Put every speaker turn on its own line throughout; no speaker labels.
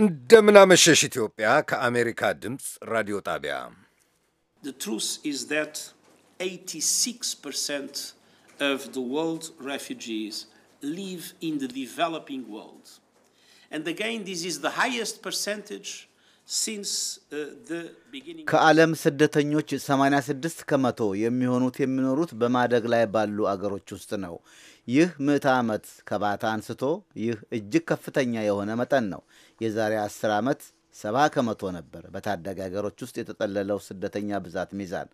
እንደምናመሸሽ ኢትዮጵያ ከአሜሪካ ድምፅ ራዲዮ ጣቢያ
uh, ከዓለም
ስደተኞች 86 ከመቶ የሚሆኑት የሚኖሩት በማደግ ላይ ባሉ አገሮች ውስጥ ነው። ይህ ምዕተ ዓመት ከባታ አንስቶ ይህ እጅግ ከፍተኛ የሆነ መጠን ነው። የዛሬ 10 ዓመት ሰባ ከመቶ ነበር በታዳጊ ሀገሮች ውስጥ የተጠለለው ስደተኛ ብዛት ሚዛን።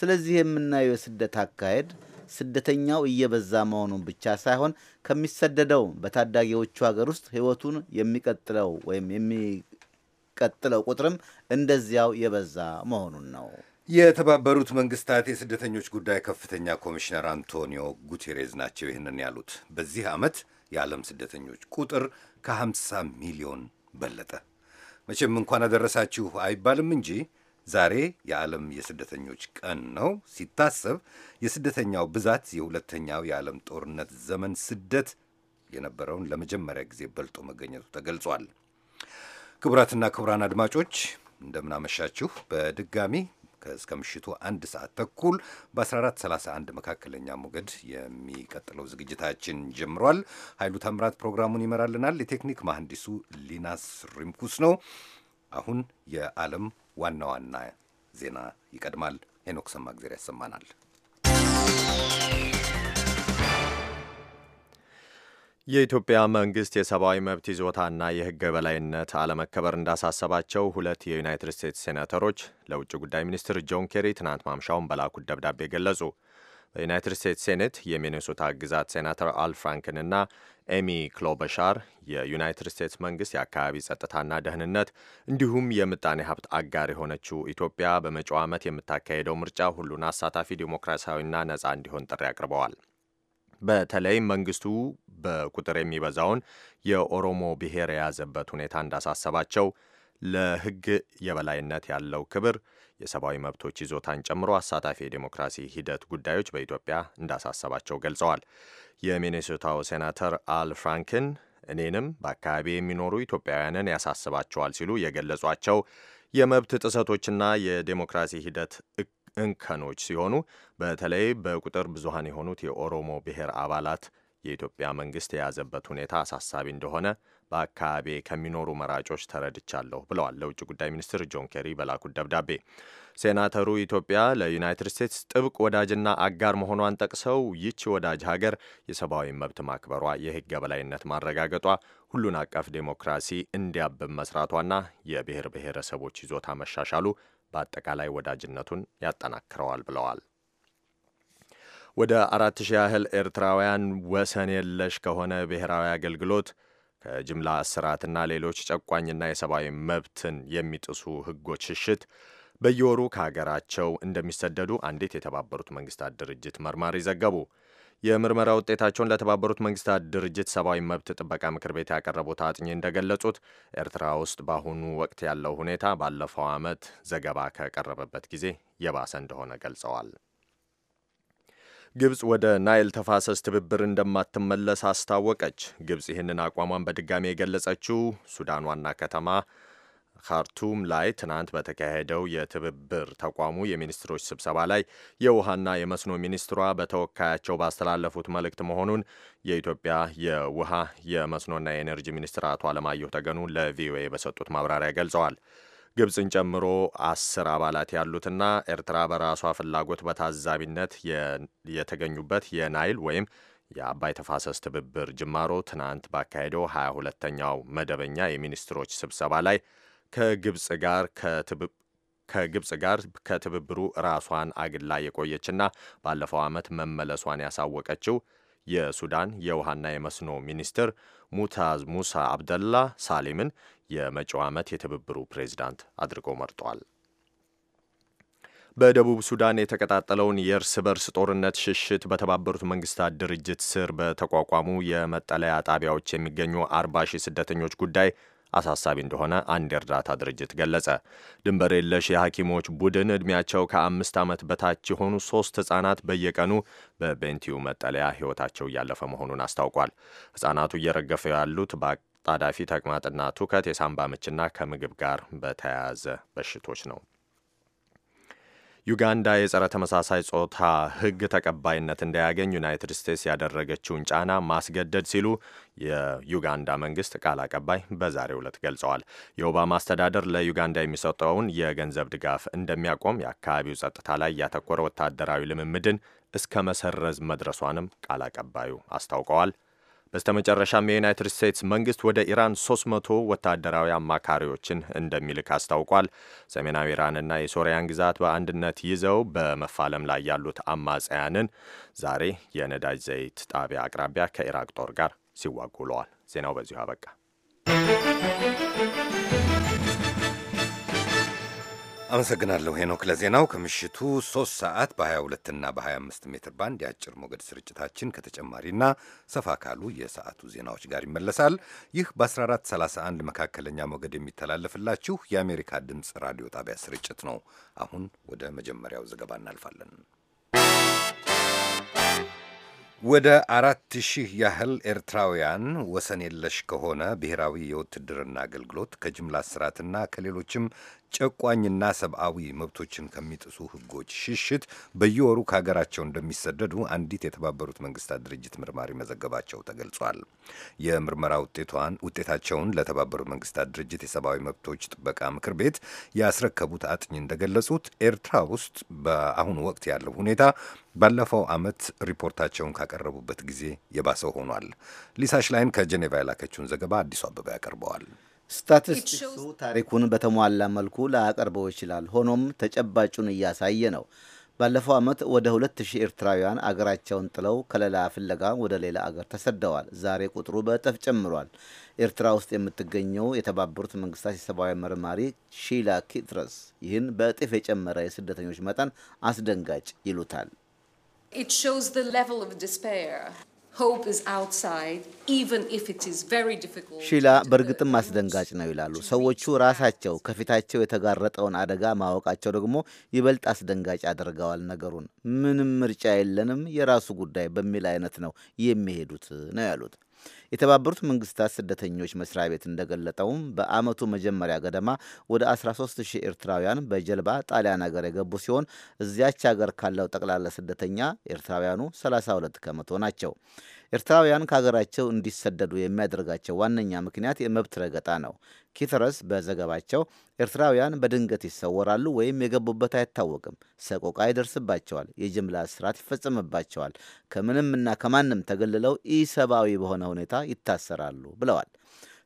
ስለዚህ የምናየው የስደት አካሄድ ስደተኛው እየበዛ መሆኑን ብቻ ሳይሆን ከሚሰደደው በታዳጊዎቹ ሀገር ውስጥ ሕይወቱን የሚቀጥለው ወይም የሚቀጥለው ቁጥርም እንደዚያው የበዛ መሆኑን ነው።
የተባበሩት መንግስታት የስደተኞች ጉዳይ ከፍተኛ ኮሚሽነር አንቶኒዮ ጉቴሬዝ ናቸው ይህንን ያሉት። በዚህ ዓመት የዓለም ስደተኞች ቁጥር ከ50 ሚሊዮን በለጠ። መቼም እንኳን አደረሳችሁ አይባልም እንጂ ዛሬ የዓለም የስደተኞች ቀን ነው። ሲታሰብ የስደተኛው ብዛት የሁለተኛው የዓለም ጦርነት ዘመን ስደት የነበረውን ለመጀመሪያ ጊዜ በልጦ መገኘቱ ተገልጿል። ክቡራትና ክቡራን አድማጮች እንደምናመሻችሁ በድጋሚ እስከ ምሽቱ አንድ ሰዓት ተኩል በ1431 መካከለኛ ሞገድ የሚቀጥለው ዝግጅታችን ጀምሯል። ኃይሉ ተምራት ፕሮግራሙን ይመራልናል። የቴክኒክ መሐንዲሱ ሊናስ ሪምኩስ ነው። አሁን የዓለም ዋና ዋና ዜና ይቀድማል። ሄኖክ ሰማግዜር ያሰማናል።
የኢትዮጵያ መንግስት የሰብአዊ መብት ይዞታና የህገ በላይነት አለመከበር እንዳሳሰባቸው ሁለት የዩናይትድ ስቴትስ ሴናተሮች ለውጭ ጉዳይ ሚኒስትር ጆን ኬሪ ትናንት ማምሻውን በላኩት ደብዳቤ ገለጹ። በዩናይትድ ስቴትስ ሴኔት የሚኔሶታ ግዛት ሴናተር አል ፍራንክንና ኤሚ ክሎበሻር የዩናይትድ ስቴትስ መንግስት የአካባቢ ጸጥታና ደህንነት እንዲሁም የምጣኔ ሀብት አጋር የሆነችው ኢትዮጵያ በመጪው ዓመት የምታካሄደው ምርጫ ሁሉን አሳታፊ ዲሞክራሲያዊና ነጻ እንዲሆን ጥሪ አቅርበዋል። በተለይም መንግስቱ በቁጥር የሚበዛውን የኦሮሞ ብሔር የያዘበት ሁኔታ እንዳሳሰባቸው ለሕግ የበላይነት ያለው ክብር የሰብአዊ መብቶች ይዞታን ጨምሮ አሳታፊ የዴሞክራሲ ሂደት ጉዳዮች በኢትዮጵያ እንዳሳሰባቸው ገልጸዋል። የሚኔሶታው ሴናተር አል ፍራንክን እኔንም በአካባቢ የሚኖሩ ኢትዮጵያውያንን ያሳስባቸዋል ሲሉ የገለጿቸው የመብት ጥሰቶችና የዴሞክራሲ ሂደት እንከኖች ሲሆኑ በተለይ በቁጥር ብዙሃን የሆኑት የኦሮሞ ብሔር አባላት የኢትዮጵያ መንግስት የያዘበት ሁኔታ አሳሳቢ እንደሆነ በአካባቢ ከሚኖሩ መራጮች ተረድቻለሁ ብለዋል ለውጭ ጉዳይ ሚኒስትር ጆን ኬሪ በላኩት ደብዳቤ። ሴናተሩ ኢትዮጵያ ለዩናይትድ ስቴትስ ጥብቅ ወዳጅና አጋር መሆኗን ጠቅሰው ይቺ ወዳጅ ሀገር የሰብአዊ መብት ማክበሯ፣ የህግ የበላይነት ማረጋገጧ፣ ሁሉን አቀፍ ዴሞክራሲ እንዲያብብ መስራቷና የብሔር ብሔረሰቦች ይዞታ መሻሻሉ በአጠቃላይ ወዳጅነቱን ያጠናክረዋል ብለዋል። ወደ አራት ሺህ ያህል ኤርትራውያን ወሰን የለሽ ከሆነ ብሔራዊ አገልግሎት ከጅምላ እስራትና ሌሎች ጨቋኝና የሰብአዊ መብትን የሚጥሱ ሕጎች ሽሽት በየወሩ ከሀገራቸው እንደሚሰደዱ አንዲት የተባበሩት መንግስታት ድርጅት መርማሪ ዘገቡ። የምርመራ ውጤታቸውን ለተባበሩት መንግስታት ድርጅት ሰብአዊ መብት ጥበቃ ምክር ቤት ያቀረቡት አጥኚ እንደገለጹት ኤርትራ ውስጥ በአሁኑ ወቅት ያለው ሁኔታ ባለፈው ዓመት ዘገባ ከቀረበበት ጊዜ የባሰ እንደሆነ ገልጸዋል። ግብፅ ወደ ናይል ተፋሰስ ትብብር እንደማትመለስ አስታወቀች። ግብፅ ይህንን አቋሟን በድጋሚ የገለጸችው ሱዳን ዋና ከተማ ካርቱም ላይ ትናንት በተካሄደው የትብብር ተቋሙ የሚኒስትሮች ስብሰባ ላይ የውሃና የመስኖ ሚኒስትሯ በተወካያቸው ባስተላለፉት መልእክት መሆኑን የኢትዮጵያ የውሃ የመስኖና የኤነርጂ ሚኒስትር አቶ አለማየሁ ተገኑ ለቪኦኤ በሰጡት ማብራሪያ ገልጸዋል። ግብፅን ጨምሮ አስር አባላት ያሉትና ኤርትራ በራሷ ፍላጎት በታዛቢነት የተገኙበት የናይል ወይም የአባይ ተፋሰስ ትብብር ጅማሮ ትናንት ባካሄደው 22ተኛው መደበኛ የሚኒስትሮች ስብሰባ ላይ ከግብፅ ጋር ከትብብ ከግብፅ ጋር ከትብብሩ ራሷን አግላ የቆየችና ባለፈው ዓመት መመለሷን ያሳወቀችው የሱዳን የውሃና የመስኖ ሚኒስትር ሙታዝ ሙሳ አብደላ ሳሊምን የመጪው ዓመት የትብብሩ ፕሬዚዳንት አድርጎ መርጧል። በደቡብ ሱዳን የተቀጣጠለውን የእርስ በርስ ጦርነት ሽሽት በተባበሩት መንግስታት ድርጅት ስር በተቋቋሙ የመጠለያ ጣቢያዎች የሚገኙ አርባ ሺህ ስደተኞች ጉዳይ አሳሳቢ እንደሆነ አንድ የእርዳታ ድርጅት ገለጸ። ድንበር የለሽ የሐኪሞች ቡድን ዕድሜያቸው ከአምስት ዓመት በታች የሆኑ ሦስት ሕፃናት በየቀኑ በቤንቲው መጠለያ ሕይወታቸው እያለፈ መሆኑን አስታውቋል። ሕፃናቱ እየረገፈ ያሉት በአጣዳፊ ተቅማጥና ትውከት፣ የሳምባ ምችና ከምግብ ጋር በተያያዘ በሽቶች ነው። ዩጋንዳ የጸረ ተመሳሳይ ጾታ ሕግ ተቀባይነት እንዳያገኝ ዩናይትድ ስቴትስ ያደረገችውን ጫና ማስገደድ ሲሉ የዩጋንዳ መንግስት ቃል አቀባይ በዛሬው ዕለት ገልጸዋል። የኦባማ አስተዳደር ለዩጋንዳ የሚሰጠውን የገንዘብ ድጋፍ እንደሚያቆም፣ የአካባቢው ጸጥታ ላይ ያተኮረ ወታደራዊ ልምምድን እስከ መሰረዝ መድረሷንም ቃል አቀባዩ አስታውቀዋል። በስተመጨረሻም የዩናይትድ ስቴትስ መንግስት ወደ ኢራን 300 ወታደራዊ አማካሪዎችን እንደሚልክ አስታውቋል። ሰሜናዊ ኢራንና የሶሪያን ግዛት በአንድነት ይዘው በመፋለም ላይ ያሉት አማጽያንን ዛሬ የነዳጅ ዘይት ጣቢያ አቅራቢያ ከኢራቅ ጦር ጋር ሲዋጉ ውለዋል። ዜናው በዚሁ አበቃ። አመሰግናለሁ ሄኖክ ለዜናው። ከምሽቱ
3 ሰዓት በ22 እና በ25 ሜትር ባንድ የአጭር ሞገድ ስርጭታችን ከተጨማሪና ሰፋ ካሉ የሰዓቱ ዜናዎች ጋር ይመለሳል። ይህ በ1431 መካከለኛ ሞገድ የሚተላለፍላችሁ የአሜሪካ ድምፅ ራዲዮ ጣቢያ ስርጭት ነው። አሁን ወደ መጀመሪያው ዘገባ እናልፋለን። ወደ አራት ሺህ ያህል ኤርትራውያን ወሰን የለሽ ከሆነ ብሔራዊ የውትድርና አገልግሎት ከጅምላ ስርዓትና ከሌሎችም ጨቋኝና ሰብአዊ መብቶችን ከሚጥሱ ህጎች ሽሽት በየወሩ ከሀገራቸው እንደሚሰደዱ አንዲት የተባበሩት መንግስታት ድርጅት ምርማሪ መዘገባቸው ተገልጿል። የምርመራ ውጤቷን ውጤታቸውን ለተባበሩት መንግስታት ድርጅት የሰብአዊ መብቶች ጥበቃ ምክር ቤት ያስረከቡት አጥኚ እንደገለጹት ኤርትራ ውስጥ በአሁኑ ወቅት ያለው ሁኔታ ባለፈው ዓመት ሪፖርታቸውን ካቀረቡበት ጊዜ
የባሰው ሆኗል። ሊሳ ሽላይን ከጄኔቫ የላከችውን ዘገባ አዲሱ አበባ ያቀርበዋል። ስታቲስቲክሱ ታሪኩን በተሟላ መልኩ ላያቀርበው ይችላል። ሆኖም ተጨባጩን እያሳየ ነው። ባለፈው ዓመት ወደ 2000 ኤርትራውያን አገራቸውን ጥለው ከለላ ፍለጋ ወደ ሌላ አገር ተሰደዋል። ዛሬ ቁጥሩ በእጥፍ ጨምሯል። ኤርትራ ውስጥ የምትገኘው የተባበሩት መንግስታት የሰብአዊ መርማሪ ሺላ ኪትረስ ይህን በእጥፍ የጨመረ የስደተኞች መጠን አስደንጋጭ ይሉታል። ሺላ በእርግጥም አስደንጋጭ ነው ይላሉ። ሰዎቹ ራሳቸው ከፊታቸው የተጋረጠውን አደጋ ማወቃቸው ደግሞ ይበልጥ አስደንጋጭ አድርገዋል ነገሩን። ምንም ምርጫ የለንም፣ የራሱ ጉዳይ በሚል አይነት ነው የሚሄዱት ነው ያሉት። የተባበሩት መንግስታት ስደተኞች መስሪያ ቤት እንደገለጠውም በአመቱ መጀመሪያ ገደማ ወደ 130 ኤርትራውያን በጀልባ ጣሊያን ሀገር የገቡ ሲሆን እዚያች ሀገር ካለው ጠቅላላ ስደተኛ ኤርትራውያኑ 32 ከመቶ ናቸው። ኤርትራውያን ከሀገራቸው እንዲሰደዱ የሚያደርጋቸው ዋነኛ ምክንያት የመብት ረገጣ ነው። ኪተረስ በዘገባቸው ኤርትራውያን በድንገት ይሰወራሉ ወይም የገቡበት አይታወቅም። ሰቆቃ ይደርስባቸዋል። የጅምላ እስራት ይፈጸምባቸዋል። ከምንምና ከማንም ተገልለው ኢሰብአዊ በሆነ ሁኔታ ይታሰራሉ ብለዋል።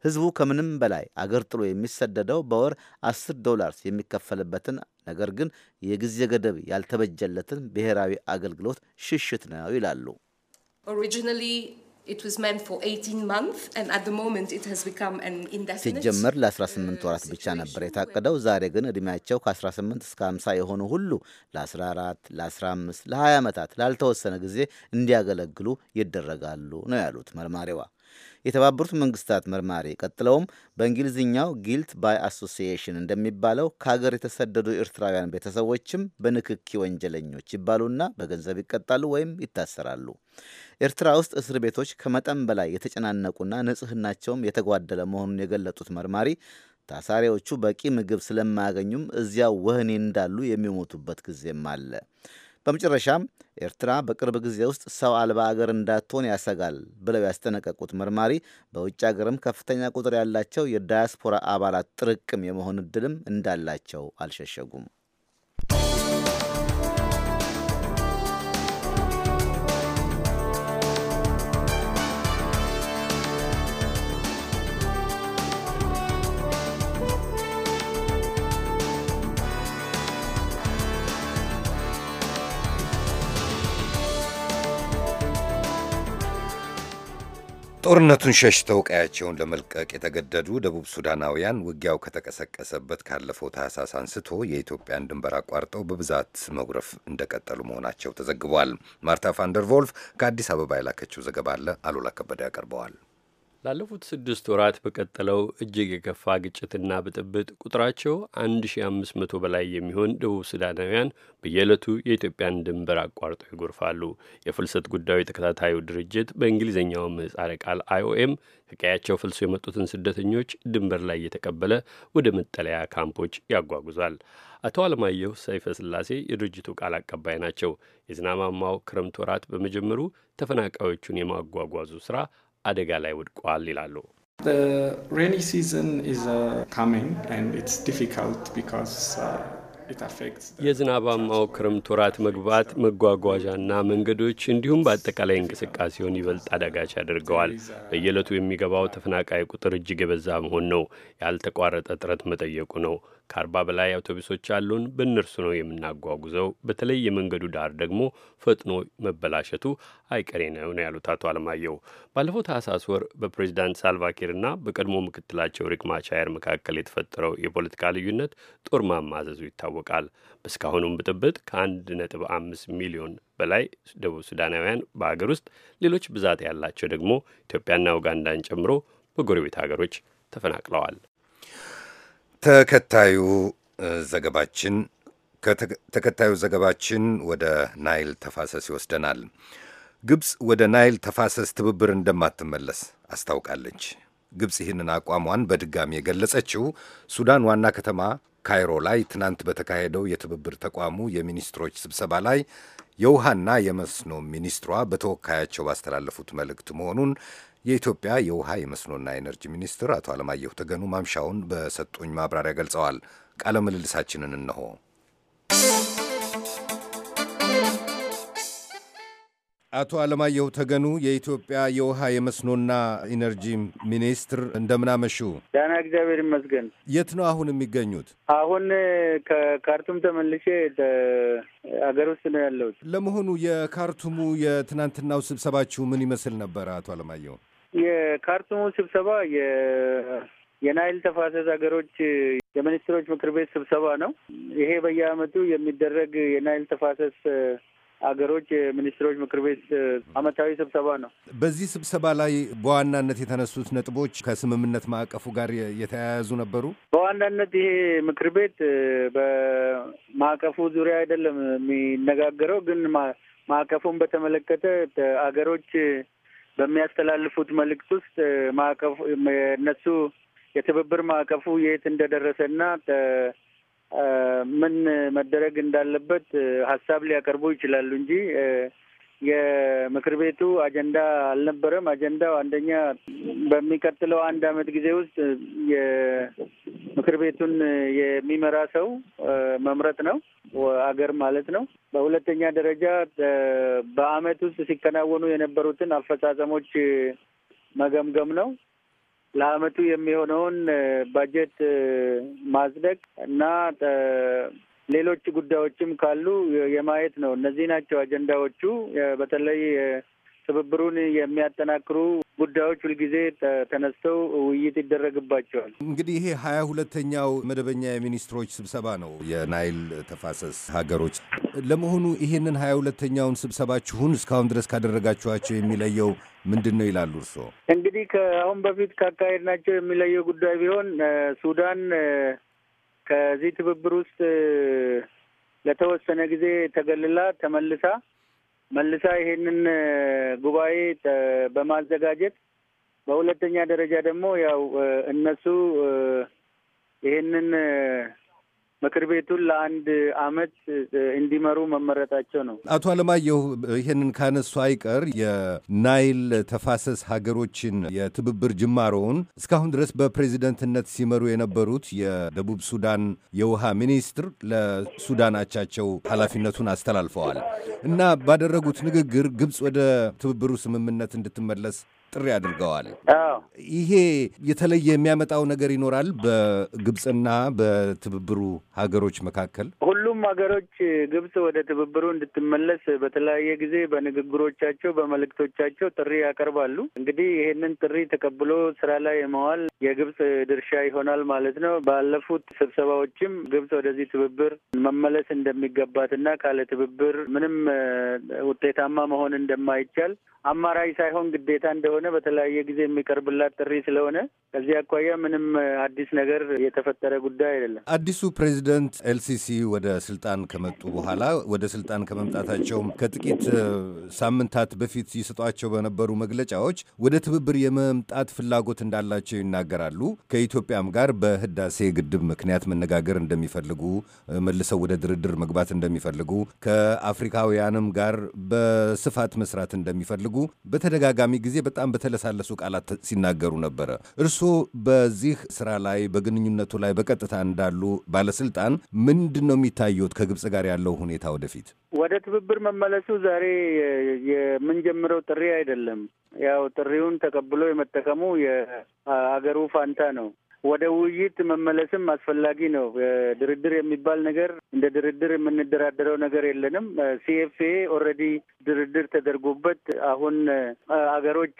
ህዝቡ ከምንም በላይ አገር ጥሎ የሚሰደደው በወር 10 ዶላርስ የሚከፈልበትን ነገር ግን የጊዜ ገደብ ያልተበጀለትን ብሔራዊ አገልግሎት ሽሽት ነው ይላሉ።
Originally ሲጀመር
ለ18 ወራት ብቻ ነበር የታቀደው። ዛሬ ግን እድሜያቸው ከ18 እስከ 50 የሆኑ ሁሉ ለ14፣ ለ15፣ ለ20 ዓመታት ላልተወሰነ ጊዜ እንዲያገለግሉ ይደረጋሉ ነው ያሉት መርማሪዋ። የተባበሩት መንግስታት መርማሪ ቀጥለውም በእንግሊዝኛው ጊልት ባይ አሶሲዬሽን እንደሚባለው ከሀገር የተሰደዱ ኤርትራውያን ቤተሰቦችም በንክኪ ወንጀለኞች ይባሉና በገንዘብ ይቀጣሉ ወይም ይታሰራሉ። ኤርትራ ውስጥ እስር ቤቶች ከመጠን በላይ የተጨናነቁና ንጽህናቸውም የተጓደለ መሆኑን የገለጡት መርማሪ ታሳሪዎቹ በቂ ምግብ ስለማያገኙም እዚያው ወህኒ እንዳሉ የሚሞቱበት ጊዜም አለ። በመጨረሻም ኤርትራ በቅርብ ጊዜ ውስጥ ሰው አልባ አገር እንዳትሆን ያሰጋል ብለው ያስጠነቀቁት መርማሪ በውጭ አገርም ከፍተኛ ቁጥር ያላቸው የዳያስፖራ አባላት ጥርቅም የመሆን እድልም እንዳላቸው አልሸሸጉም።
ጦርነቱን ሸሽተው ቀያቸውን ለመልቀቅ የተገደዱ ደቡብ ሱዳናውያን ውጊያው ከተቀሰቀሰበት ካለፈው ታህሳስ አንስቶ የኢትዮጵያን ድንበር አቋርጠው በብዛት መጉረፍ እንደቀጠሉ መሆናቸው ተዘግቧል። ማርታ ቫንደር ቮልፍ ከአዲስ አበባ የላከችው ዘገባ አለ። አሉላ ከበደ ያቀርበዋል።
ላለፉት ስድስት ወራት በቀጠለው እጅግ የከፋ ግጭትና ብጥብጥ ቁጥራቸው 1500 በላይ የሚሆን ደቡብ ሱዳናውያን በየዕለቱ የኢትዮጵያን ድንበር አቋርጠው ይጎርፋሉ። የፍልሰት ጉዳዩ ተከታታዩ ድርጅት በእንግሊዝኛው ምህጻረ ቃል አይኦኤም ከቀያቸው ፍልሶ የመጡትን ስደተኞች ድንበር ላይ እየተቀበለ ወደ መጠለያ ካምፖች ያጓጉዛል። አቶ አለማየሁ ሰይፈ ስላሴ የድርጅቱ ቃል አቀባይ ናቸው። የዝናባማው ክረምት ወራት በመጀመሩ ተፈናቃዮቹን የማጓጓዙ ስራ አደጋ ላይ ወድቋል ይላሉ።
uh, uh,
የዝናባማው ክረምት ወራት መግባት መጓጓዣና መንገዶች እንዲሁም በአጠቃላይ እንቅስቃሴውን ይበልጥ አዳጋች ያደርገዋል። በየዕለቱ የሚገባው ተፈናቃይ ቁጥር እጅግ የበዛ መሆን ነው። ያልተቋረጠ ጥረት መጠየቁ ነው። ከአርባ በላይ አውቶቡሶች ያሉን በእነርሱ ነው የምናጓጉዘው። በተለይ የመንገዱ ዳር ደግሞ ፈጥኖ መበላሸቱ አይቀሬ ነው ነው ያሉት አቶ አለማየሁ ባለፈው ታህሳስ ወር በፕሬዚዳንት ሳልቫኪርና በቀድሞ ምክትላቸው ሪክ ማቻየር መካከል የተፈጠረው የፖለቲካ ልዩነት ጦር ማማዘዙ ይታወቃል። በእስካሁኑም ብጥብጥ ከአንድ ነጥብ አምስት ሚሊዮን በላይ ደቡብ ሱዳናውያን በአገር ውስጥ ሌሎች ብዛት ያላቸው ደግሞ ኢትዮጵያና ኡጋንዳን ጨምሮ በጎረቤት ሀገሮች ተፈናቅለዋል።
ተከታዩ ዘገባችን ተከታዩ ዘገባችን ወደ ናይል ተፋሰስ ይወስደናል። ግብፅ ወደ ናይል ተፋሰስ ትብብር እንደማትመለስ አስታውቃለች። ግብፅ ይህንን አቋሟን በድጋሚ የገለጸችው ሱዳን ዋና ከተማ ካይሮ ላይ ትናንት በተካሄደው የትብብር ተቋሙ የሚኒስትሮች ስብሰባ ላይ የውሃና የመስኖ ሚኒስትሯ በተወካያቸው ባስተላለፉት መልእክት መሆኑን የኢትዮጵያ የውሃ የመስኖና ኤነርጂ ሚኒስትር አቶ አለማየሁ ተገኑ ማምሻውን በሰጡኝ ማብራሪያ ገልጸዋል። ቃለ ምልልሳችንን እነሆ። አቶ አለማየሁ ተገኑ የኢትዮጵያ የውሃ የመስኖና ኢነርጂ ሚኒስትር፣ እንደምናመሹ።
ደህና እግዚአብሔር ይመስገን።
የት ነው አሁን የሚገኙት?
አሁን ከካርቱም ተመልሼ አገር ውስጥ ነው ያለሁት።
ለመሆኑ የካርቱሙ የትናንትናው ስብሰባችሁ ምን ይመስል ነበረ አቶ አለማየሁ?
የካርቱሙ ስብሰባ የናይል ተፋሰስ ሀገሮች የሚኒስትሮች ምክር ቤት ስብሰባ ነው። ይሄ በየአመቱ የሚደረግ የናይል ተፋሰስ ሀገሮች የሚኒስትሮች ምክር ቤት አመታዊ ስብሰባ ነው።
በዚህ ስብሰባ ላይ በዋናነት የተነሱት ነጥቦች ከስምምነት ማዕቀፉ ጋር የተያያዙ ነበሩ።
በዋናነት ይሄ ምክር ቤት በማዕቀፉ ዙሪያ አይደለም የሚነጋገረው፣ ግን ማዕቀፉን በተመለከተ አገሮች በሚያስተላልፉት መልእክት ውስጥ ማዕቀፉ እነሱ የትብብር ማዕቀፉ የት እንደደረሰ እና ምን መደረግ እንዳለበት ሀሳብ ሊያቀርቡ ይችላሉ እንጂ የምክር ቤቱ አጀንዳ አልነበረም። አጀንዳው አንደኛ በሚቀጥለው አንድ አመት ጊዜ ውስጥ የምክር ቤቱን የሚመራ ሰው መምረጥ ነው፣ አገር ማለት ነው። በሁለተኛ ደረጃ በአመት ውስጥ ሲከናወኑ የነበሩትን አፈጻጸሞች መገምገም ነው። ለአመቱ የሚሆነውን ባጀት ማጽደቅ እና ሌሎች ጉዳዮችም ካሉ የማየት ነው። እነዚህ ናቸው አጀንዳዎቹ። በተለይ ትብብሩን የሚያጠናክሩ ጉዳዮች ሁልጊዜ ተነስተው ውይይት ይደረግባቸዋል።
እንግዲህ ይሄ ሀያ ሁለተኛው መደበኛ የሚኒስትሮች ስብሰባ ነው የናይል ተፋሰስ ሀገሮች። ለመሆኑ ይሄንን ሀያ ሁለተኛውን ስብሰባችሁን እስካሁን ድረስ ካደረጋችኋቸው የሚለየው ምንድን ነው ይላሉ እርስዎ?
እንግዲህ ከአሁን በፊት ካካሄድ ናቸው የሚለየው ጉዳይ ቢሆን ሱዳን ከዚህ ትብብር ውስጥ ለተወሰነ ጊዜ ተገልላ ተመልሳ መልሳ ይሄንን ጉባኤ በማዘጋጀት በሁለተኛ ደረጃ ደግሞ ያው እነሱ ይሄንን ምክር ቤቱን ለአንድ አመት እንዲመሩ መመረጣቸው ነው።
አቶ አለማየሁ ይህንን ካነሱ አይቀር የናይል ተፋሰስ ሀገሮችን የትብብር ጅማሮውን እስካሁን ድረስ በፕሬዚደንትነት ሲመሩ የነበሩት የደቡብ ሱዳን የውሃ ሚኒስትር ለሱዳን አቻቸው ኃላፊነቱን አስተላልፈዋል እና ባደረጉት ንግግር ግብፅ ወደ ትብብሩ ስምምነት እንድትመለስ ጥሪ አድርገዋል። ይሄ የተለየ የሚያመጣው ነገር ይኖራል በግብፅና በትብብሩ ሀገሮች መካከል
ሁሉም ሀገሮች ግብፅ ወደ ትብብሩ እንድትመለስ በተለያየ ጊዜ በንግግሮቻቸው በመልእክቶቻቸው ጥሪ ያቀርባሉ። እንግዲህ ይሄንን ጥሪ ተቀብሎ ስራ ላይ የመዋል የግብፅ ድርሻ ይሆናል ማለት ነው። ባለፉት ስብሰባዎችም ግብፅ ወደዚህ ትብብር መመለስ እንደሚገባትና ካለ ትብብር ምንም ውጤታማ መሆን እንደማይቻል አማራጭ ሳይሆን ግዴታ እንደሆነ በተለያየ ጊዜ የሚቀርብላት ጥሪ ስለሆነ ከዚህ አኳያ ምንም አዲስ ነገር የተፈጠረ ጉዳይ አይደለም።
አዲሱ ፕሬዚደንት ኤልሲሲ ወደ ስልጣን ከመጡ በኋላ ወደ ስልጣን ከመምጣታቸውም ከጥቂት ሳምንታት በፊት ይሰጧቸው በነበሩ መግለጫዎች ወደ ትብብር የመምጣት ፍላጎት እንዳላቸው ይናገራሉ። ከኢትዮጵያም ጋር በህዳሴ ግድብ ምክንያት መነጋገር እንደሚፈልጉ፣ መልሰው ወደ ድርድር መግባት እንደሚፈልጉ፣ ከአፍሪካውያንም ጋር በስፋት መስራት እንደሚፈልጉ ሲፈልጉ በተደጋጋሚ ጊዜ በጣም በተለሳለሱ ቃላት ሲናገሩ ነበረ። እርስዎ በዚህ ስራ ላይ በግንኙነቱ ላይ በቀጥታ እንዳሉ ባለስልጣን ምንድን ነው የሚታየት ከግብጽ ጋር ያለው ሁኔታ ወደፊት
ወደ ትብብር መመለሱ ዛሬ የምንጀምረው ጥሪ አይደለም። ያው ጥሪውን ተቀብሎ የመጠቀሙ የአገሩ ፋንታ ነው። ወደ ውይይት መመለስም አስፈላጊ ነው። ድርድር የሚባል ነገር እንደ ድርድር የምንደራደረው ነገር የለንም። ሲኤፍኤ ኦልሬዲ ድርድር ተደርጎበት አሁን አገሮች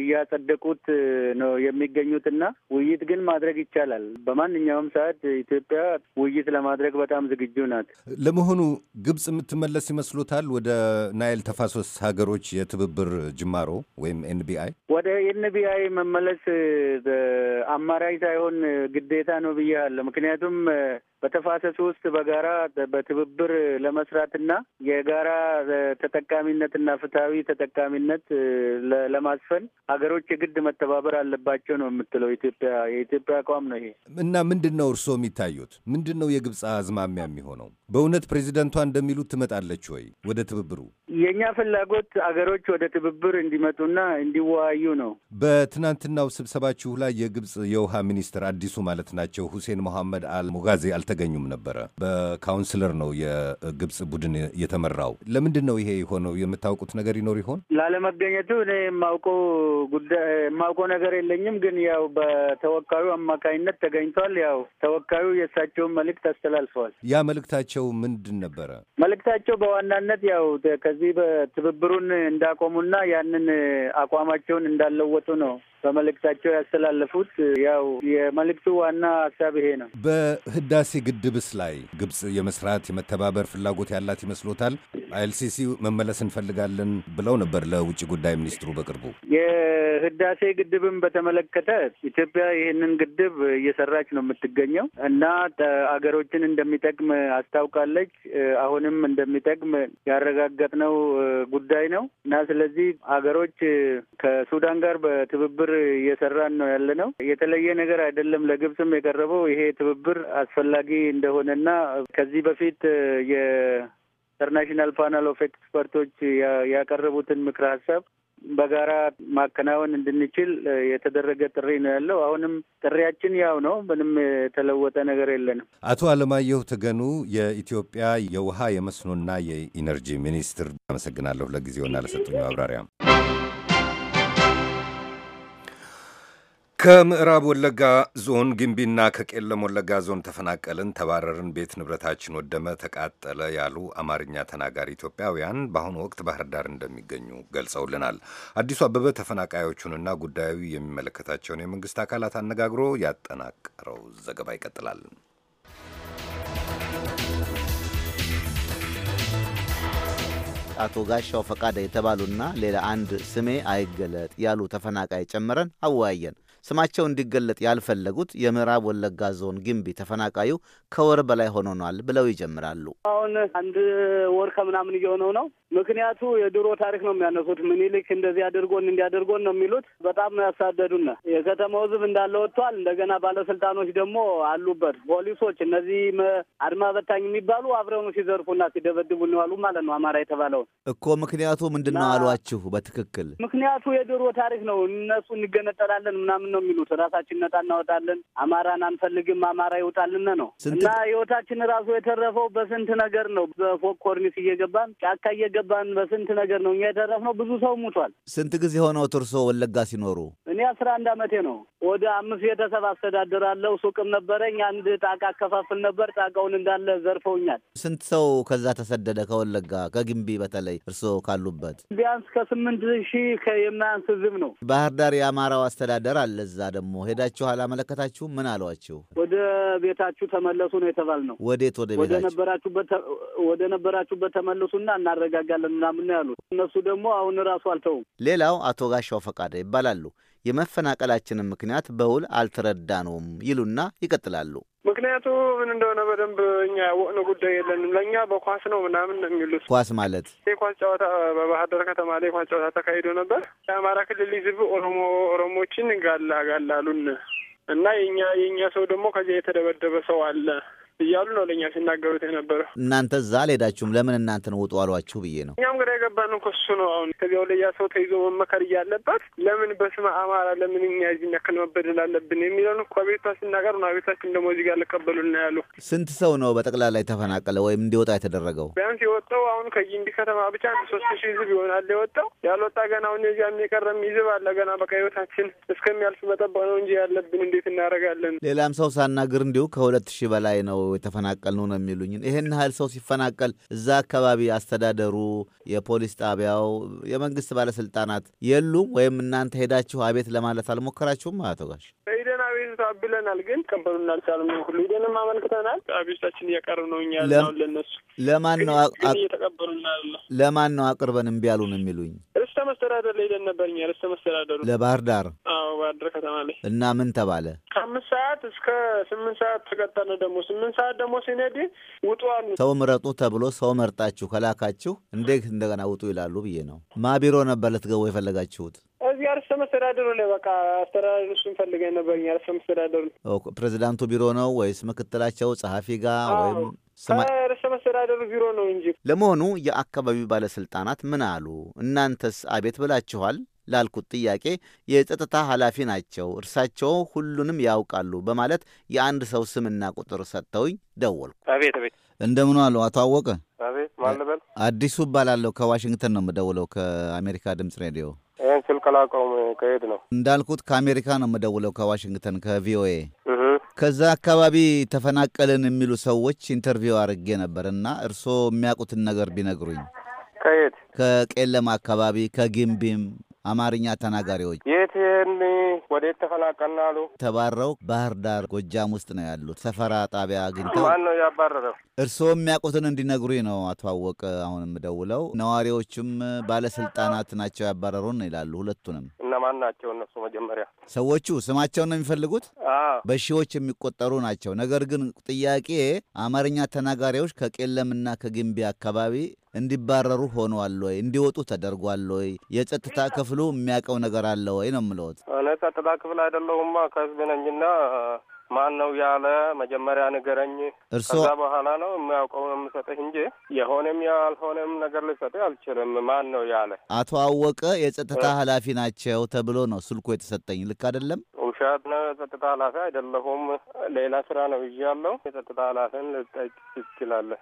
እያጸደቁት ነው የሚገኙት እና ውይይት ግን ማድረግ ይቻላል። በማንኛውም ሰዓት ኢትዮጵያ ውይይት ለማድረግ በጣም ዝግጁ ናት።
ለመሆኑ ግብጽ የምትመለስ ይመስሎታል? ወደ ናይል ተፋሰስ ሀገሮች የትብብር ጅማሮ ወይም ኤንቢአይ
ወደ ኤንቢአይ መመለስ አማራጭ ሳይሆን ያለውን ግዴታ ነው ብያለሁ። ምክንያቱም በተፋሰሱ ውስጥ በጋራ በትብብር ለመስራትና የጋራ ተጠቃሚነትና ፍትሐዊ ተጠቃሚነት ለማስፈን ሀገሮች የግድ መተባበር አለባቸው ነው የምትለው ኢትዮጵያ። የኢትዮጵያ አቋም ነው ይሄ
እና ምንድን ነው እርስዎ የሚታዩት ምንድን ነው የግብፅ አዝማሚያ የሚሆነው? በእውነት ፕሬዚደንቷ እንደሚሉት ትመጣለች ወይ ወደ ትብብሩ?
የእኛ ፍላጎት አገሮች ወደ ትብብር እንዲመጡና እንዲወያዩ ነው።
በትናንትናው ስብሰባችሁ ላይ የግብፅ የውሃ ሚኒስትር አዲሱ ማለት ናቸው ሁሴን መሐመድ አል ሙጋዜ አልተገኙም ነበረ። በካውንስለር ነው የግብፅ ቡድን የተመራው። ለምንድን ነው ይሄ የሆነው? የምታውቁት ነገር ይኖር ይሆን?
ላለመገኘቱ እኔ የማውቀው ጉዳይ የማውቀው ነገር የለኝም። ግን ያው በተወካዩ አማካኝነት ተገኝቷል። ያው ተወካዩ የእሳቸውን መልእክት አስተላልፈዋል።
ያ መልእክታቸው ምንድን ነበረ?
መልእክታቸው በዋናነት ያው ከዚህ በትብብሩን እንዳቆሙና ያንን አቋማቸውን እንዳለወጡ ነው በመልእክታቸው ያስተላለፉት። ያው የመልእክቱ ዋና ሀሳብ ይሄ ነው።
በህዳሴ ግድብስ ላይ ግብፅ የመስራት የመተባበር ፍላጎት ያላት ይመስሎታል? ኤልሲሲ መመለስ እንፈልጋለን ብለው ነበር ለውጭ ጉዳይ ሚኒስትሩ በቅርቡ።
የህዳሴ ግድብን በተመለከተ ኢትዮጵያ ይህንን ግድብ እየሰራች ነው የምትገኘው እና አገሮችን እንደሚጠቅም አስታውቃለች። አሁንም እንደሚጠቅም ያረጋገጥነው ጉዳይ ነው እና ስለዚህ አገሮች ከሱዳን ጋር በትብብር እየሰራን ነው ያለ ነው። የተለየ ነገር አይደለም። ለግብጽም የቀረበው ይሄ ትብብር አስፈላጊ እንደሆነና ከዚህ በፊት የኢንተርናሽናል ፓናል ኦፍ ኤክስፐርቶች ያቀረቡትን ምክረ ሀሳብ በጋራ ማከናወን እንድንችል የተደረገ ጥሪ ነው ያለው። አሁንም ጥሪያችን ያው ነው። ምንም የተለወጠ ነገር የለንም።
አቶ አለማየሁ ተገኑ የኢትዮጵያ የውሃ የመስኖና የኢነርጂ ሚኒስትር፣ አመሰግናለሁ ለጊዜውና ለሰጡኝ ማብራሪያ። ከምዕራብ ወለጋ ዞን ግንቢና ከቄለም ወለጋ ዞን ተፈናቀልን፣ ተባረርን፣ ቤት ንብረታችን ወደመ፣ ተቃጠለ ያሉ አማርኛ ተናጋሪ ኢትዮጵያውያን በአሁኑ ወቅት ባህር ዳር እንደሚገኙ ገልጸውልናል። አዲሱ አበበ ተፈናቃዮቹንና ጉዳዩ የሚመለከታቸውን የመንግስት አካላት አነጋግሮ ያጠናቀረው
ዘገባ ይቀጥላል። አቶ ጋሻው ፈቃደ የተባሉና ሌላ አንድ ስሜ አይገለጥ ያሉ ተፈናቃይ ጨምረን አወያየን። ስማቸው እንዲገለጥ ያልፈለጉት የምዕራብ ወለጋ ዞን ግንቢ ተፈናቃዩ ከወር በላይ ሆኖኗል ብለው ይጀምራሉ።
አሁን አንድ ወር ከምናምን እየሆነው ነው። ምክንያቱ የድሮ ታሪክ ነው የሚያነሱት። ምኒልክ እንደዚህ አድርጎን እንዲያደርጎን ነው የሚሉት። በጣም ነው ያሳደዱና የከተማው ህዝብ እንዳለ ወጥቷል። እንደገና ባለስልጣኖች ደግሞ አሉበት። ፖሊሶች፣ እነዚህ አድማ በታኝ የሚባሉ አብረኑ ሲዘርፉና ሲደበድቡ ዋሉ ማለት ነው። አማራ የተባለውን
እኮ ምክንያቱ ምንድን ነው አሏችሁ? በትክክል
ምክንያቱ የድሮ ታሪክ ነው። እነሱ እንገነጠላለን ምናምን ነው የሚሉት። ራሳችን ነጣ እናወጣለን፣ አማራን አንፈልግም፣ አማራ ይውጣልን ነው እና ህይወታችን ራሱ የተረፈው በስንት ነገር ነው። በፎቅ ኮርኒስ እየገባን ጫካ እየገባን በስንት ነገር ነው እኛ የተረፍነው። ብዙ ሰው ሙቷል።
ስንት ጊዜ ሆነዎት እርሶ ወለጋ ሲኖሩ?
እኔ አስራ አንድ አመቴ ነው። ወደ አምስት ቤተሰብ አስተዳድራለሁ። ሱቅም ነበረኝ። አንድ ጣቃ አከፋፍል ነበር። ጣቃውን እንዳለ ዘርፈውኛል።
ስንት ሰው ከዛ ተሰደደ? ከወለጋ ከግንቢ በተለይ እርስዎ ካሉበት
ቢያንስ ከስምንት ሺህ የማያንስ ህዝብ ነው።
ባህር ዳር የአማራው አስተዳደር አለ ለዛ ደግሞ ሄዳችሁ አላመለከታችሁ ምን አሏችሁ?
ወደ ቤታችሁ ተመለሱ ነው ነው።
ወዴት? ወደ ቤታችሁ
ወደ ነበራችሁበት ተመለሱና እናረጋጋለን ምናምን ነው ያሉት። እነሱ ደግሞ አሁን እራሱ አልተውም።
ሌላው አቶ ጋሻው ፈቃደ ይባላሉ። የመፈናቀላችንን ምክንያት በውል አልተረዳነውም ይሉና ይቀጥላሉ።
ምክንያቱ ምን እንደሆነ በደንብ እኛ ያወቅነው ጉዳይ የለንም። ለእኛ በኳስ ነው ምናምን ነው የሚሉት። ኳስ ማለት የኳስ ጨዋታ በባህር ዳር ከተማ ላይ የኳስ ጨዋታ ተካሂዶ ነበር። የአማራ ክልል ህዝብ ኦሮሞ ኦሮሞችን ጋላ ጋላሉን እና የኛ የእኛ ሰው ደግሞ ከዚያ የተደበደበ ሰው አለ እያሉ ነው ለእኛ ሲናገሩት የነበረው።
እናንተ እዛ አልሄዳችሁም ለምን እናንተን ውጡ አሏችሁ ብዬ ነው።
እኛም ግራ የገባን እኮ እሱ ነው። አሁን ከዚያ ወለያ ሰው ተይዞ መመከር እያለበት ለምን በስመ አማራ ለምን እኛ የዚህን ያክል መበደል አለብን የሚለውን እኮ አቤቷ ሲናገር ነው። አቤታችን ደግሞ እዚህ ጋር ልቀበሉና ያሉ።
ስንት ሰው ነው በጠቅላላ የተፈናቀለ ወይም እንዲወጣ የተደረገው?
ቢያንስ የወጣው አሁን ከጊምቢ ከተማ ብቻ አንድ ሶስት ሺህ ህዝብ ይሆናል የወጣው። ያልወጣ ገና አሁን እዚያ የሚቀረም
ይዝብ አለ ገና በቃ ህይወታችን እስከሚያልፍ መጠበቅ ነው እንጂ ያለብን እንዴት እናደርጋለን። ሌላም ሰው ሳናግር እንዲሁ ከሁለት ሺህ በላይ ነው የተፈናቀል ነው ነው የሚሉኝን ይህን ያህል ሰው ሲፈናቀል እዛ አካባቢ አስተዳደሩ፣ የፖሊስ ጣቢያው፣ የመንግስት ባለስልጣናት የሉም ወይም እናንተ ሄዳችሁ አቤት ለማለት አልሞከራችሁም? አቶ ጋሽ
ሄደን አቤቱታ ብለናል፣ ግን ቀበሉን አልቻሉም። ሁሉ ሄደንም አመልክተናል። አቤቱታችን እያቀርብ ነው እኛ ለነሱ
ለማን ነው ለማን ነው አቅርበን እምቢ አሉን የሚሉኝ
መስተዳደር ላይ ሄደን ነበር። እኛ ርዕሰ መስተዳደሩ ለባህር ዳር አዎ፣ ባህር ዳር ከተማ ላይ
እና ምን ተባለ?
ከአምስት ሰዓት እስከ ስምንት ሰዓት ተቀጠነ። ደግሞ ስምንት ሰዓት ደግሞ ሲነድ ውጡ አሉ። ሰው
ምረጡ ተብሎ ሰው መርጣችሁ ከላካችሁ እንዴት እንደገና ውጡ ይላሉ ብዬ ነው። ማ ቢሮ ነበር ልትገቡ የፈለጋችሁት?
እዚህ ርዕሰ መስተዳደሩ ላይ በቃ አስተዳደሩ እሱን ፈልገን ነበር። እኛ መስተዳደሩ
ፕሬዚዳንቱ ቢሮ ነው ወይስ ምክትላቸው ጸሐፊ ጋር ወይም ከርዕሰ መስተዳደር ቢሮ ነው እንጂ። ለመሆኑ የአካባቢው ባለስልጣናት ምን አሉ? እናንተስ አቤት ብላችኋል? ላልኩት ጥያቄ የጸጥታ ኃላፊ ናቸው፣ እርሳቸው ሁሉንም ያውቃሉ በማለት የአንድ ሰው ስምና ቁጥር ሰጥተውኝ ደወልኩ። አቤት አቤት፣ እንደምን አሉ አቶ አወቀ?
አቤት፣ ማን ልበል?
አዲሱ እባላለሁ። ከዋሽንግተን ነው የምደውለው፣ ከአሜሪካ ድምፅ ሬዲዮ። ይህን ስልክ ነው? እንዳልኩት ከአሜሪካ ነው የምደውለው፣ ከዋሽንግተን ከቪኦኤ ከዛ አካባቢ ተፈናቀልን የሚሉ ሰዎች ኢንተርቪው አድርጌ ነበር እና እርስዎ የሚያውቁትን ነገር ቢነግሩኝ። ከየት? ከቄለማ አካባቢ ከግንቢም አማርኛ ተናጋሪዎች
የት ይህን ወዴት ተፈናቀልን አሉ?
ተባረው ባህር ዳር ጎጃም ውስጥ ነው ያሉት። ሰፈራ ጣቢያ አግኝተው ማን
ነው ያባረረው?
እርስዎ የሚያውቁትን እንዲነግሩኝ ነው አቶ አወቀ አሁንም ደውለው። ነዋሪዎችም ባለስልጣናት ናቸው ያባረሩን ይላሉ። ሁለቱንም
እነማን ናቸው እነሱ? መጀመሪያ
ሰዎቹ ስማቸውን ነው የሚፈልጉት። በሺዎች የሚቆጠሩ ናቸው። ነገር ግን ጥያቄ አማርኛ ተናጋሪዎች ከቄለምና ከግንቢ አካባቢ እንዲባረሩ ሆኗል ወይ? እንዲወጡ ተደርጓል ወይ? የጸጥታ ክፍሉ የሚያውቀው ነገር አለ ወይ ነው የምለውት።
እኔ ጸጥታ ክፍል አይደለሁማ ከህዝብ ነኝና ማን ነው ያለ መጀመሪያ ንገረኝ። ከዛ በኋላ ነው የሚያውቀው የምሰጥህ እንጂ የሆነም ያልሆነም ነገር ልሰጥ አልችልም። ማን ነው ያለ
አቶ አወቀ የጸጥታ ኃላፊ ናቸው ተብሎ ነው ስልኩ የተሰጠኝ። ልክ አይደለም።
ውሻት ነው። የጸጥታ ኃላፊ አይደለሁም። ሌላ ስራ ነው እያለው የጸጥታ ኃላፊን ልጠይቅ ትችላለህ።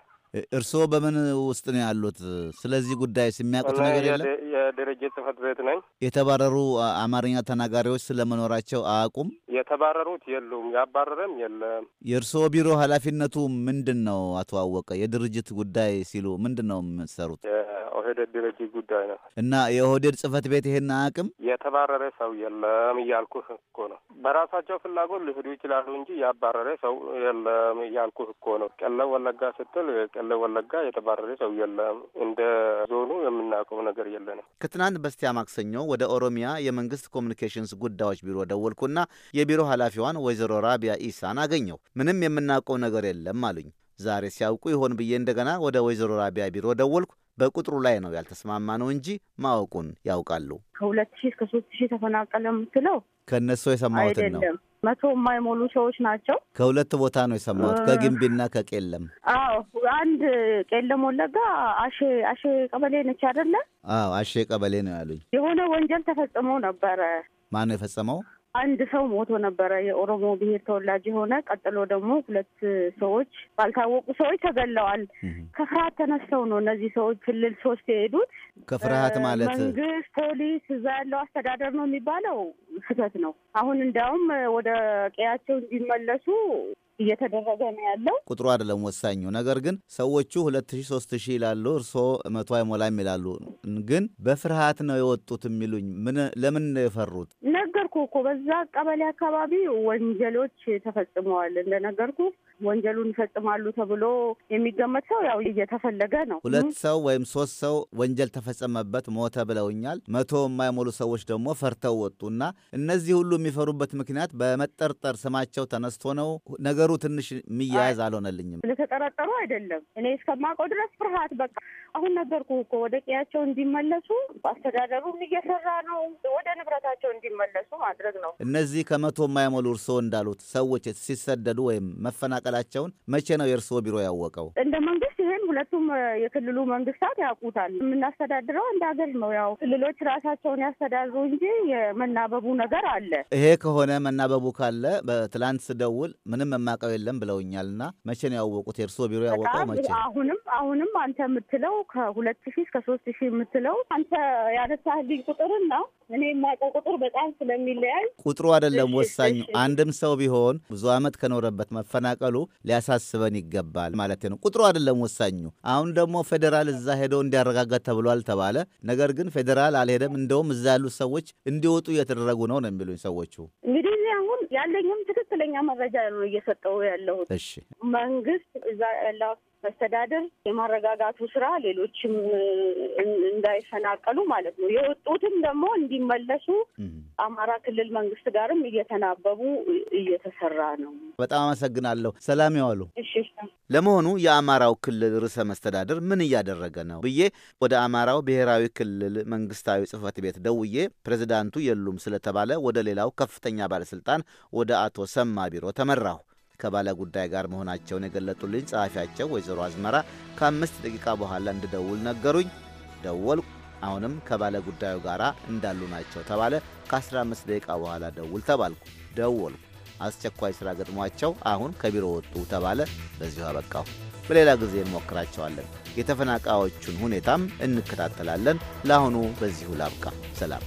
እርስዎ በምን ውስጥ ነው ያሉት? ስለዚህ ጉዳይ የሚያውቁት ነገር የለም?
የድርጅት ጽህፈት ቤት ነኝ።
የተባረሩ አማርኛ ተናጋሪዎች ስለመኖራቸው አያውቁም?
የተባረሩት የሉም፣ ያባረረም የለም።
የእርስዎ ቢሮ ኃላፊነቱ ምንድን ነው? አቶ አወቀ፣ የድርጅት ጉዳይ ሲሉ ምንድን ነው የምትሰሩት?
የኦህዴድ ድርጅት ጉዳይ ነው
እና የኦህዴድ ጽህፈት ቤት ይሄን አያውቅም?
የተባረረ ሰው የለም እያልኩህ እኮ ነው። በራሳቸው ፍላጎት ሊሄዱ ይችላሉ እንጂ ያባረረ ሰው የለም እያልኩህ እኮ ነው። ቀለብ ወለጋ ስትል ጠቅላይ ወለጋ የተባረረ ሰው የለም። እንደ ዞኑ የምናውቀው ነገር የለንም።
ከትናንት በስቲያ ማክሰኞ ወደ ኦሮሚያ የመንግስት ኮሚኒኬሽንስ ጉዳዮች ቢሮ ደወልኩና የቢሮ ኃላፊዋን ወይዘሮ ራቢያ ኢሳን አገኘው። ምንም የምናውቀው ነገር የለም አሉኝ። ዛሬ ሲያውቁ ይሆን ብዬ እንደገና ወደ ወይዘሮ ራቢያ ቢሮ ደወልኩ። በቁጥሩ ላይ ነው ያልተስማማ ነው እንጂ ማወቁን ያውቃሉ።
ከሁለት ሺህ እስከ ሶስት ሺህ ተፈናቀለ የምትለው
ከእነሱ የሰማሁትን ነው።
መቶ የማይሞሉ ሰዎች ናቸው።
ከሁለት ቦታ ነው የሰማሁት፣ ከግንቢና ከቄለም።
አዎ አንድ ቄለም ወለጋ አሼ አሼ ቀበሌ ነች አይደለ?
አዎ አሼ ቀበሌ ነው ያሉኝ።
የሆነ ወንጀል ተፈጽሞ ነበረ።
ማን ነው የፈጸመው?
አንድ ሰው ሞቶ ነበረ፣ የኦሮሞ ብሔር ተወላጅ የሆነ ቀጥሎ ደግሞ ሁለት ሰዎች ባልታወቁ ሰዎች ተገለዋል። ከፍርሃት ተነስተው ነው እነዚህ ሰዎች ክልል ሶስት የሄዱት። ከፍርሃት ማለት መንግስት፣ ፖሊስ፣ እዛ ያለው አስተዳደር ነው የሚባለው ስህተት ነው። አሁን እንዲያውም ወደ ቀያቸው እንዲመለሱ እየተደረገ ነው ያለው።
ቁጥሩ አይደለም ወሳኙ ነገር ግን ሰዎቹ ሁለት ሺ ሶስት ሺ ይላሉ፣ እርስዎ መቶ አይሞላም ይላሉ። ግን በፍርሃት ነው የወጡት የሚሉኝ። ምን ለምን ነው የፈሩት?
ነገርኩ እኮ በዛ ቀበሌ አካባቢ ወንጀሎች ተፈጽመዋል እንደነገርኩ ወንጀሉን ይፈጽማሉ ተብሎ የሚገመት ሰው ያው እየተፈለገ ነው። ሁለት
ሰው ወይም ሶስት ሰው ወንጀል ተፈጸመበት ሞተ ብለውኛል። መቶ የማይሞሉ ሰዎች ደግሞ ፈርተው እና እነዚህ ሁሉ የሚፈሩበት ምክንያት በመጠርጠር ስማቸው ተነስቶ ነው። ነገሩ ትንሽ የሚያያዝ አልሆነልኝም።
ስለተጠረጠሩ አይደለም። እኔ እስከማውቀው ድረስ ፍርሃት በቃ አሁን ነገርኩ እኮ ወደ ቀያቸው እንዲመለሱ አስተዳደሩም እየሰራ ነው፣ ወደ ንብረታቸው እንዲመለሱ ማድረግ ነው።
እነዚህ ከመቶ የማይሞሉ እርስዎ እንዳሉት ሰዎች ሲሰደዱ ወይም መፈናቀል መቀላቀላቸውን መቼ ነው የእርስዎ ቢሮ ያወቀው?
እንደ መንግስት ይህን ሁለቱም የክልሉ መንግስታት ያውቁታል። የምናስተዳድረው እንደ ሀገር ነው። ያው ክልሎች ራሳቸውን ያስተዳድሩ እንጂ የመናበቡ ነገር አለ።
ይሄ ከሆነ መናበቡ ካለ በትላንት ስደውል ምንም መማቀው የለም ብለውኛል። እና መቼ ነው ያወቁት? የእርስዎ ቢሮ ያወቀው መቼ?
አሁንም አሁንም አንተ የምትለው ከሁለት ሺህ እስከ ሶስት ሺህ የምትለው አንተ ያነሳህልኝ ነው። እኔ የማውቀው ቁጥር በጣም ስለሚለያል
ቁጥሩ አይደለም ወሳኙ። አንድም ሰው ቢሆን ብዙ ዓመት ከኖረበት መፈናቀሉ ሊያሳስበን ይገባል ማለት ነው። ቁጥሩ አይደለም ወሳኙ። አሁን ደግሞ ፌዴራል እዛ ሄዶ እንዲያረጋጋት ተብሏል ተባለ። ነገር ግን ፌዴራል አልሄደም። እንደውም እዛ ያሉት ሰዎች እንዲወጡ እየተደረጉ ነው ነው የሚሉኝ ሰዎቹ
እንግዲህ አሁን ያለኝም ትክክለኛ መረጃ ነው እየሰጠው ያለሁት። እሺ መንግስት እዛ ያለው መስተዳድር የማረጋጋቱ ስራ ሌሎችም እንዳይፈናቀሉ ማለት ነው። የወጡትም ደግሞ እንዲመለሱ አማራ ክልል መንግስት ጋርም እየተናበቡ እየተሰራ ነው።
በጣም አመሰግናለሁ። ሰላም ይዋሉ። ለመሆኑ የአማራው ክልል ርዕሰ መስተዳድር ምን እያደረገ ነው ብዬ ወደ አማራው ብሔራዊ ክልል መንግስታዊ ጽህፈት ቤት ደውዬ ፕሬዚዳንቱ የሉም ስለተባለ ወደ ሌላው ከፍተኛ ባለስልጣን ወደ አቶ ሰማ ቢሮ ተመራሁ። ከባለ ጉዳይ ጋር መሆናቸውን የገለጡልኝ ጸሐፊያቸው ወይዘሮ አዝመራ ከአምስት ደቂቃ በኋላ እንድደውል ነገሩኝ። ደወልኩ። አሁንም ከባለ ጉዳዩ ጋር እንዳሉ ናቸው ተባለ። ከ15 ደቂቃ በኋላ ደውል ተባልኩ። ደወልኩ። አስቸኳይ ሥራ ገጥሟቸው አሁን ከቢሮ ወጡ ተባለ። በዚሁ አበቃሁ። በሌላ ጊዜ እንሞክራቸዋለን። የተፈናቃዮቹን ሁኔታም እንከታተላለን። ለአሁኑ በዚሁ ላብቃ። ሰላም።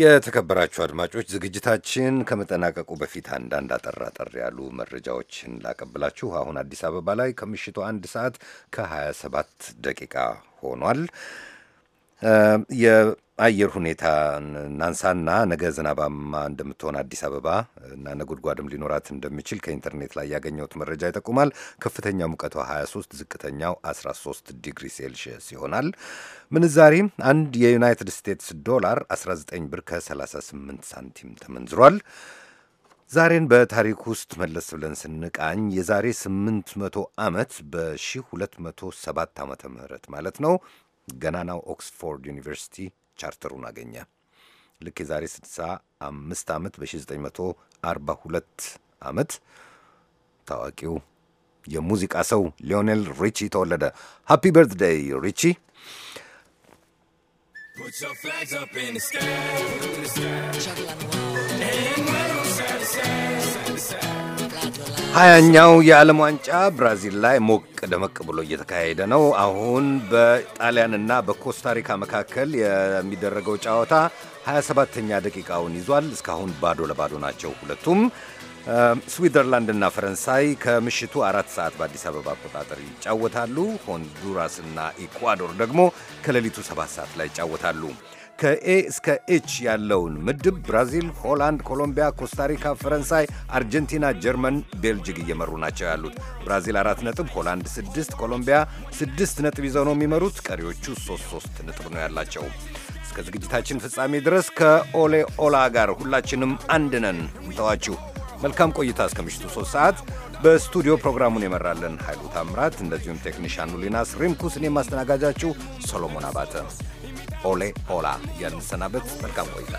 የተከበራችሁ አድማጮች ዝግጅታችን ከመጠናቀቁ በፊት አንዳንድ አጠር አጠር ያሉ መረጃዎችን ላቀብላችሁ። አሁን አዲስ አበባ ላይ ከምሽቱ አንድ ሰዓት ከ27 ደቂቃ ሆኗል። የአየር ሁኔታ እናንሳና ነገ ዝናባማ እንደምትሆን አዲስ አበባ እና ነጎድጓድም ሊኖራት እንደሚችል ከኢንተርኔት ላይ ያገኘሁት መረጃ ይጠቁማል። ከፍተኛ ሙቀቷ 23፣ ዝቅተኛው 13 ዲግሪ ሴልሺየስ ይሆናል። ምንዛሪ አንድ የዩናይትድ ስቴትስ ዶላር 19 ብር ከ38 ሳንቲም ተመንዝሯል። ዛሬን በታሪክ ውስጥ መለስ ብለን ስንቃኝ የዛሬ 800 ዓመት በ1207 ዓ ም ማለት ነው ገናናው ኦክስፎርድ ዩኒቨርሲቲ ቻርተሩን አገኘ። ልክ የዛሬ 65 ዓመት በ1942 ዓመት ታዋቂው የሙዚቃ ሰው ሊዮኔል ሪቺ ተወለደ። ሃፒ በርትደይ ሪቺ። ሀያኛው የዓለም ዋንጫ ብራዚል ላይ ሞቅ ደመቅ ብሎ እየተካሄደ ነው። አሁን በጣሊያንና በኮስታሪካ መካከል የሚደረገው ጨዋታ 27ተኛ ደቂቃውን ይዟል። እስካሁን ባዶ ለባዶ ናቸው ሁለቱም። ስዊዘርላንድና ፈረንሳይ ከምሽቱ አራት ሰዓት በአዲስ አበባ አቆጣጠር ይጫወታሉ። ሆንዱራስና ኢኳዶር ደግሞ ከሌሊቱ ሰባት ሰዓት ላይ ይጫወታሉ። ከኤ እስከ ኤች ያለውን ምድብ ብራዚል፣ ሆላንድ፣ ኮሎምቢያ፣ ኮስታሪካ፣ ፈረንሳይ፣ አርጀንቲና፣ ጀርመን፣ ቤልጅግ እየመሩ ናቸው ያሉት። ብራዚል አራት ነጥብ፣ ሆላንድ ስድስት፣ ኮሎምቢያ ስድስት ነጥብ ይዘው ነው የሚመሩት። ቀሪዎቹ ሶስት ሶስት ነጥብ ነው ያላቸው። እስከ ዝግጅታችን ፍጻሜ ድረስ ከኦሌ ኦላ ጋር ሁላችንም አንድ ነን እንተዋችሁ። መልካም ቆይታ እስከ ምሽቱ ሶስት ሰዓት በስቱዲዮ ፕሮግራሙን የመራለን ኃይሉ ታምራት፣ እንደዚሁም ቴክኒሽያኑ ሊናስ ሪምኩስ፣ እኔ ማስተናጋጃችሁ ሶሎሞን አባተ Ole Ola, Dan se rekam prka vojta.